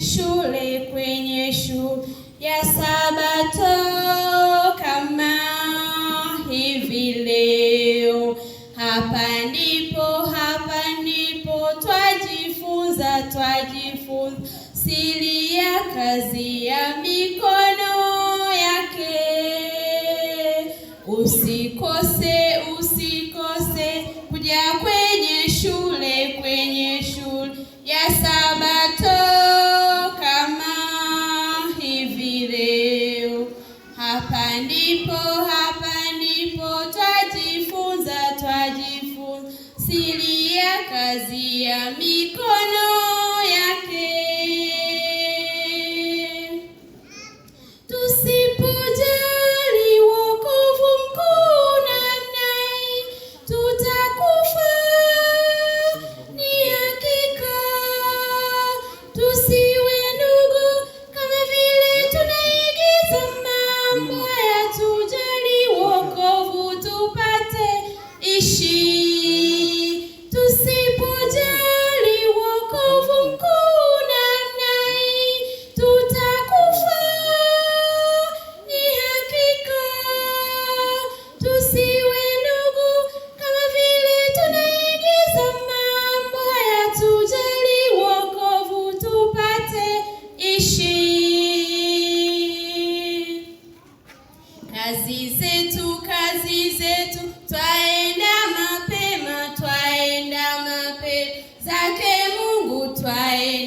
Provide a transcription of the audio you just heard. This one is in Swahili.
shule kwenye shule ya Sabato kama hivi leo. Hapa ndipo hapa ndipo twajifunza twajifunza siri ya kazi ya mikono yake, usikose Hapa ndipo hapa ndipo twajifunza, twajifunza siri ya kazi ya mikono zake Mungu twaye